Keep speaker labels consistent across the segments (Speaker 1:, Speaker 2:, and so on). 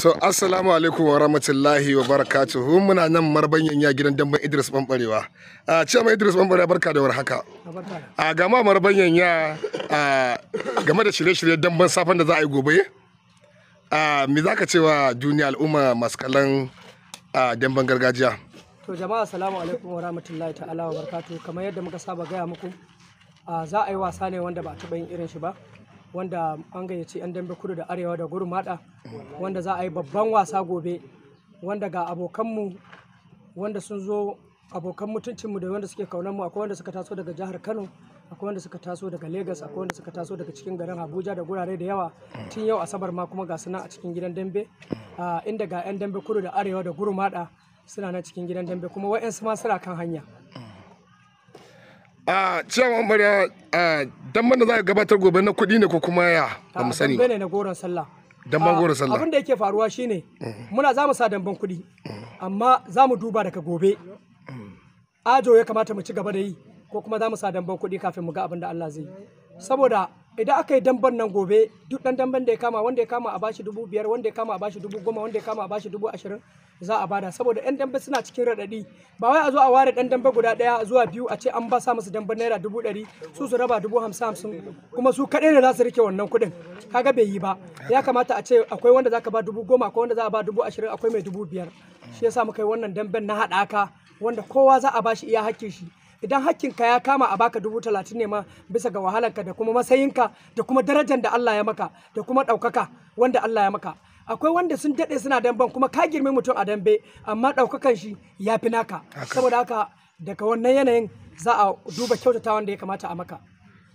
Speaker 1: To, assalamu alaikum wa rahmatullahi wa barakatuhu muna nan marbanyan ya gidan damban Idris Bambarewa. A ah, ce mai Idris Bambarewa barka da warhaka. A ah, gama marbanyan ya ah, game da shirye-shiryen damban safan da za a yi gobe. A me za ka cewa duniya al'umma masu kallon damban gargajiya?
Speaker 2: To jama'a assalamu alaikum wa rahmatullahi ta'ala wa barakatuhu kamar yadda muka saba gaya muku za a yi wasa ne wanda ba a taɓa yin irin shi ba. wanda an gayyaci 'yan dambe kudu da arewa da mada wanda za a yi babban wasa gobe wanda ga abokanmu wanda sun zo abokan mutuncinmu da wanda suke kaunar mu akwai wanda suka taso daga jihar kano akwai wanda suka taso daga lagos akwai wanda suka taso daga cikin garin abuja da gurare da yawa tun yau asabar ma kuma ga suna a cikin gidan dambe inda ga 'yan dambe kudu da arewa da mada suna na cikin gidan dambe kuma wa'yansu ma suna kan hanya
Speaker 1: a cewa bariya a da za a gabatar gobe na kuɗi ne ko kuma ya ba mu sani ne
Speaker 2: na goron sallah
Speaker 1: goron sallah abin
Speaker 2: yake faruwa shine mm. muna za mu sa ban kuɗi mm. amma za mu duba daga gobe mm. ajo ya kamata mu ci gaba da yi ko kuma za mu sa ban kuɗi kafin mu ga abin da Allah zai saboda idan aka yi damban nan gobe duk dan damban da ya kama wanda ya kama a bashi dubu biyar wanda ya kama a bashi dubu goma wanda ya kama a bashi dubu ashirin za a bada saboda yan dambe suna cikin raɗaɗi ba wai a zo a ware dan dambe guda ɗaya zuwa biyu a ce an ba sa musu damben naira dubu ɗari su su raba dubu hamsin hamsin kuma su kaɗai ne za su rike wannan kuɗin kaga bai yi ba ya kamata a ce akwai wanda za ka ba dubu goma akwai wanda za a ba dubu ashirin akwai mai dubu biyar shi yasa muka yi wannan damben na haɗaka wanda kowa za a bashi iya hakkin shi idan hakkinka ya kama a baka dubu talatin ne ma bisa ga wahalanka da kuma matsayinka da kuma darajar da Allah ya maka da kuma ɗaukaka wanda Allah ya maka akwai wanda sun daɗe suna damben kuma ka girme mutum a dambe amma ɗaukakan shi ya fi naka saboda haka daga wannan yanayin za a duba kyautata da ya kamata a maka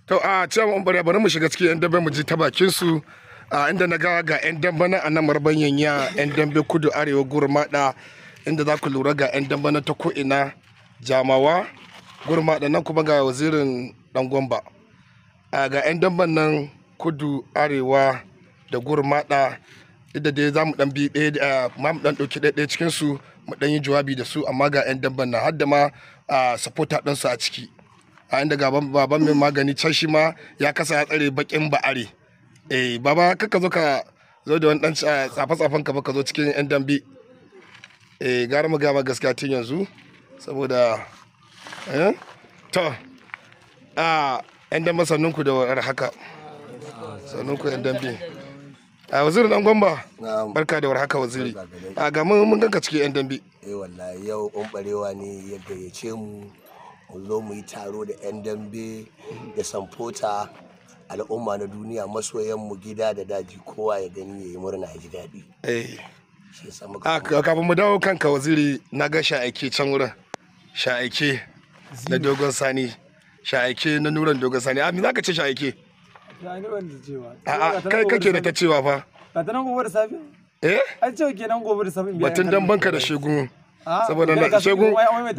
Speaker 1: to a cewa mun bari mu shiga cikin yan dambe mu ji ta bakin su a inda na ga ga yan dambe na anan marbanyan ya yan dambe kudu arewa gurmada inda za ku lura ga yan dambe na ta ko ina jamawa gurma da nan kuma ga wazirin dan gwamba ga 'yan damban nan kudu arewa da gurma da dai za mu dan bi ɗaya ma mu dan ɗauki ɗaya cikin su mu dan yi jawabi da su amma ga 'yan damban nan har da ma supporter su a ciki a inda ga baban mai magani can shi ma ya kasa ya tsare bakin ba'are eh baba kaka zo ka zo da wani dan tsafe-tsafen ka ka zo cikin 'yan dambe eh gara mu gama gaskiya tun yanzu saboda Eh? to a yan dambe da war haka
Speaker 3: sannunku yan dambe
Speaker 1: a wazirin dan gwamba
Speaker 3: barka da war haka waziri a ga mun ganka cikin yan dambe eh wallahi yau kumbarewa ne ya ce mu mu zo mu yi taro da yan dambe da samfota al'umma na duniya masoyan mu gida da daji kowa ya gani ya yi murna ya ji daɗi
Speaker 1: eh kafin mu dawo kanka waziri na ga sha'aike can wurin sha'aike na dogon sani sha'aike na nuran dogon sani a ah, me ka ce sha'aike
Speaker 2: a'a kai kake da ta cewa fa ta nan gobe da safe eh an ce gobe da safe batun dan banka da shegun ah, saboda na shegun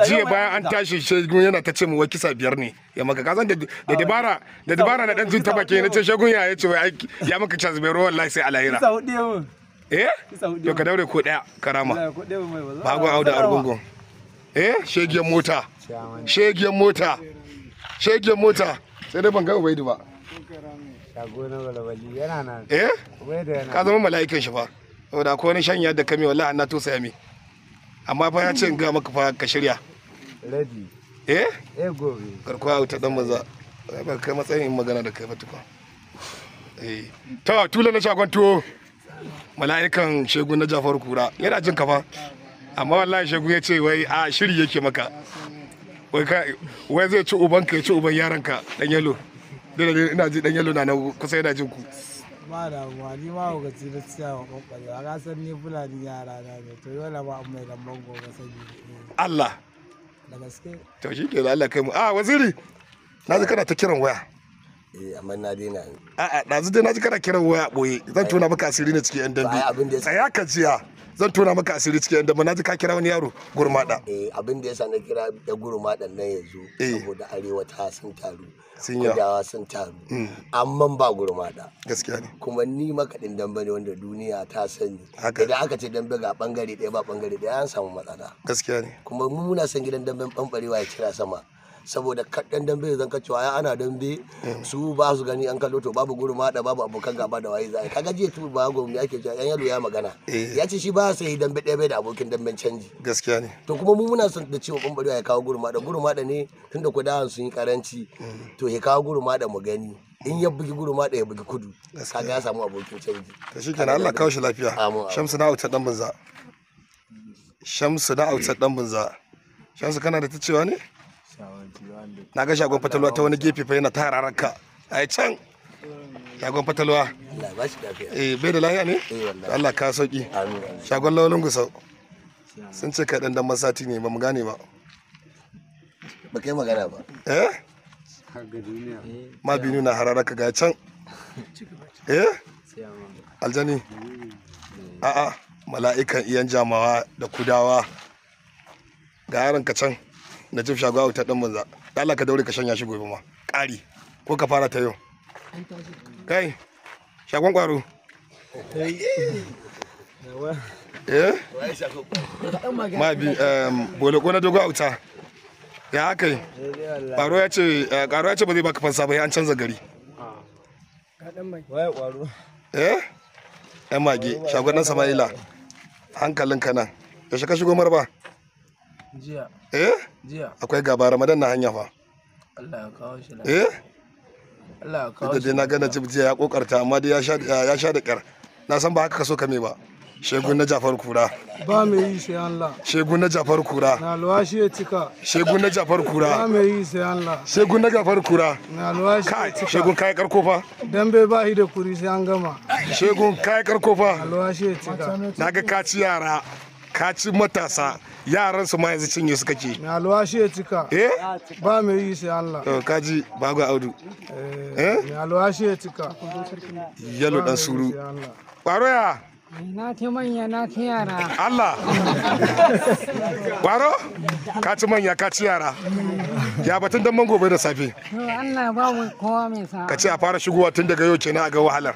Speaker 2: jiya bayan an tashi
Speaker 1: shegun yana ta ce mu wai kisa biyar ne ya maka kasan da ah, dabara da dabara na dan jin ta baki na ce shegun ya ce wai ya maka chance bai ruwan lai sai alahira kisa hudu eh
Speaker 2: to ka daure ko daya karama ba go auda argungun
Speaker 1: eh shegiyar mota shegiyar mota shegiyar mota sai dai ban ga ubaidu ba
Speaker 3: eh ka
Speaker 1: zama mala'ikan shi fa saboda akwai wani shanya da kame wallahi na tosa ya amma fa ya ce in ga maka fa ka shirya rabi eh eh gobe garkuwa ta dan maza ba kai matsayin magana da kai ba tukun eh ta tula na shagon tuwo mala'ikan shegu na Jafar Kura yana jin kafa amma wallahi shagun ya ce wai a ah, shiri yake maka wai zai ci uban ka ya ci uban yaranka dan yalo dole ne ina ji dan yalo na nan kusa yana jin ku
Speaker 3: ba da ma ni ma ga ci da tsaya wa kokari
Speaker 1: a gasar ni fulani yara na ne to yola ba mai lamban gobe sai Allah da gaske to shi ke Allah kai mu a ah, waziri na ji kana ta kiran waya
Speaker 3: eh amma na a daina
Speaker 1: a'a na ji kana kiran waya boye zan tona maka asiri ne cikin yan dambe tsaya ka jiya zan tona maka asiri cikin da na ka kira wani yaro gurmada
Speaker 3: eh abin da yasa na kira da gurmadan nan yanzu eh. saboda arewa ta sun taru kudawa sun taru mm. amma ba gurmada gaskiya ne kuma ni makaɗin dambe ne wanda duniya ta sani idan aka ce dambe ga bangare daya ba bangare daya an samu matsala gaskiya ne kuma mu muna son gidan damben banbarewa ya kira sama saboda kaɗan dambe zan ka cewa ya ana dambe eh. su ba su gani an kallo to babu gurin da babu abokan gaba da waye za kaga jiya tu ba gomi ake cewa yan yalo ya magana eh. ya ce shi ba yi dambe ɗaya bai da abokin damben canji gaskiya ne to kuma mu muna son da cewa bambarewa ya kawo gurin da gurin da ne da kudawan sun yi karanci mm. to ya kawo gurin da mu gani in ya bugi guru da ya bugi kudu kaga ya samu abokin canji to kenan Allah kawo shi lafiya shamsu
Speaker 1: na auta dan banza shamsu na auta dan banza shamsu kana da ta cewa ne na ga shagon fatalwa ta wani gefe fa yana ta ranka ka ai can shagon fatalwa
Speaker 3: eh bai da lafiya ne eh,
Speaker 1: Allah ka sauki shagon launin gusau sun ce kai dan dan masati ne ba mu gane ba
Speaker 3: ba kai magana ba eh, eh. ma
Speaker 1: binu na harara ka ga can eh aljani a'a mala'ikan iyan jamawa da kudawa ga yaran ka can na jif shagawa ta dan banza da Allah ka daure ka shanya shi gobe ma ƙari ko ka fara ta yau kai shagon kwaro eh? ma bi bole ko na dogo auta ya kai kwaro ƙaro ya ce kwaro eh, ya ce ba zai baka fansa ba an canza gari eh yan mage shagon nan sama'ila hankalin nan yaushe ka shigo marba Jiya. Eh? Jiya. Akwai gaba Ramadan na hanya fa. Allah ya kawo shi Eh? Allah ya kawo shi. Dai na ga Najib jiya ya kokarta amma dai ya sha ya sha da kyar. Na san ba haka kaso ka kame ba. Shegun na Jafar Kura. Ba mai yi sai Allah. Shegun na Jafar Kura. Na alwashi ya cika. Shegun na Jafar Kura. Ba mai yi sai Allah. Shegun na Jafar Kura. Na alwashi ya cika. Shegun kai karko fa. Dan bai ba da kuri sai an gama. Shegun kai karko fa. Alwashi ya cika. Na ga kaci yara. ka ci matasa yaran su ma yanzu cinye suka ce. na alwashi ya cika eh ba mai yi sai Allah to kaji bago audu eh na eh? alwashi ya cika yalo dan suru kwaroya Eh, na ci manya na ci yara. Allah! Kwaro? Ka ci manya ka ci yara. Ya batun don mango bai da safe.
Speaker 2: Allah mu kowa mai sa. Ka
Speaker 1: ce a fara shigowa tun daga yau kenan a ga wahalar.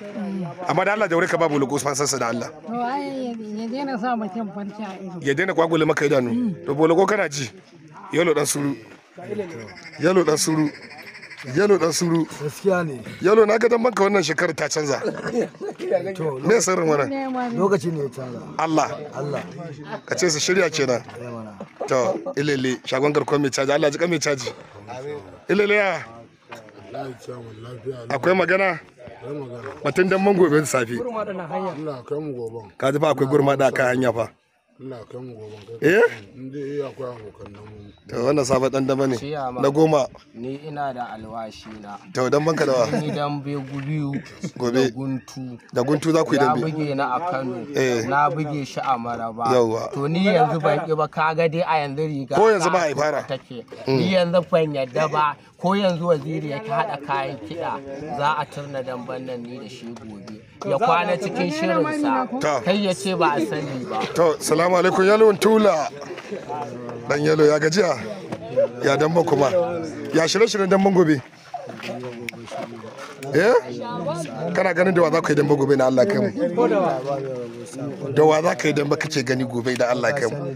Speaker 1: Amma da Allah da wuri ka babu lukus fansarsa da Allah.
Speaker 2: To ai ya daina sa mutum farce a ido.
Speaker 1: Ya daina kwagule maka idanu. To bologo kana ji. Yalo dan suru. Yalo dan suru. yalo dan suru gaskiya ne yalo na ga dan banka wannan shekarar ta canza
Speaker 2: me sirrin wannan lokaci
Speaker 3: ne ya canza
Speaker 1: Allah Allah ka ce su shirya kenan to ilele shagon garkon mai caji Allah ji kan mai caji ilele ya akwai magana batun dan mango bin safi
Speaker 3: ka ji fa akwai gurma da kan
Speaker 1: hanya fa eh, eh to wannan dan ne na goma ni ina da alwashi na to dan banka ni dan be gubiyu gobe guntu da guntu za ku yi dambe na buge na a Kano eh. na
Speaker 3: buge shi a Maraba to ni yanzu ban ki ba dai a yanzu riga ko yanzu ba a fara ni mm. yanzu ban yadda ba ko yanzu waziri ya haɗa kayan kiɗa za a turna damban nan ni da shi gobe ya kwana cikin shirinsa kai ya ce ba a sani ba
Speaker 1: to salamu alaikum yalo tula dan yalo ya gajiya
Speaker 3: ya damba kuma
Speaker 1: ya shirye-shiryen damban gobe
Speaker 3: eh kana
Speaker 1: ganin da wa za ka yi dambe gobe na Allah kai mu da wa za ka yi dambe kace gani gobe da Allah kai mu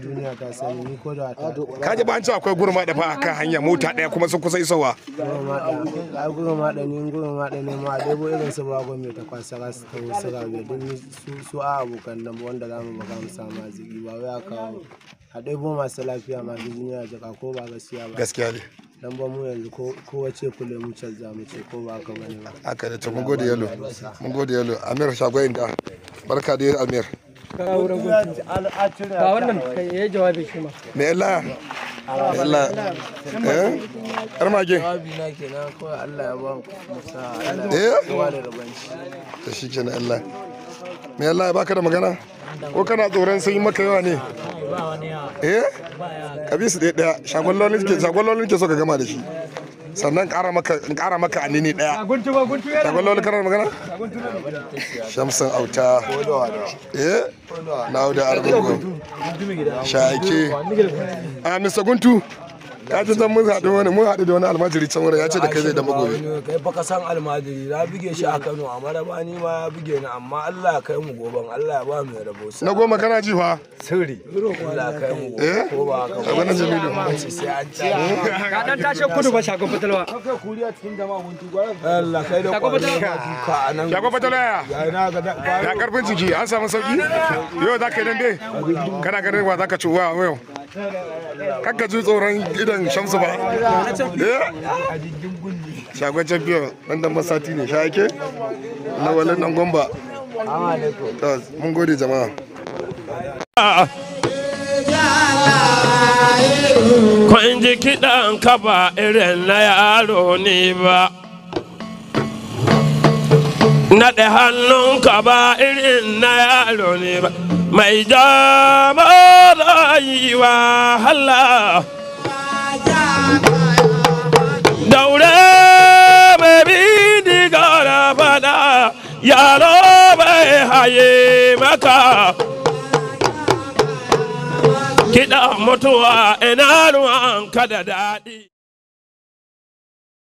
Speaker 3: ka ji ba an ce akwai gurma da fa akan hanya mota daya kuma sun kusa isowa gurma da ni gurma da ne ma dai bo irin su ba gwamnati ta kwasa ras ta wasu ga don su a abokan nan wanda za mu ba mu samu aziki ba wai aka a masu lafiya masu duniya jaka ko ba gaskiya ba gaskiya ne dan ba mu yanzu ko wace kullum mu canza mu ce ko ba ka bane ba haka ne to mun gode yalo mun
Speaker 1: gode yalo amir shagoyin da barka da amir
Speaker 2: ka
Speaker 3: ba wannan kai
Speaker 2: yayi jawabi shi ma me Allah
Speaker 3: Allah eh mage jawabi na kenan ko Allah ya ba mu sa eh? Allah ya da rabanci
Speaker 1: to shikenan Allah me Allah ya baka da magana ko kana tsoron sai maka yawa ne eh kabisu ɗaya ɗaya shagon launin ke so ka gama da shi sannan ƙara maka in ƙara maka anini ɗaya
Speaker 2: shagon launin kana magana
Speaker 1: shamsan auta eh na da shaike a mr guntu ya ce zan mun haɗu wani mun haɗu da wani almajiri can wurin ya ce da kai zai da magoyi kai baka san almajiri na buge shi a Kano a Maraba ni ma ya buge ni amma Allah ya kai mu goban Allah ya ba mu rabo na goma kana ji fa sirri
Speaker 3: Allah ya kai mu goban eh? ko ba haka ba sai an jamilu ka dan
Speaker 1: tashi kudu ba shago fatalwa kai kuriya cikin jama'a mun gwara Allah kai da ku fatalwa ka anan shago fatalwa ya na ga da karfin jiki an samu sauki yau zaka yi nan dai kana ganin wa zaka ci wa yau kakka ji tsoron gidan shamsu ba eh? shagon champion wanda masati ne sha yake na walin dan gomba mun gode jama'a kwan ji kiɗan ka ba irin na yaro ne ba naɗe hannun ka ba irin na yaro ne ba Kita jaamaray waa halla dawre kada daɗi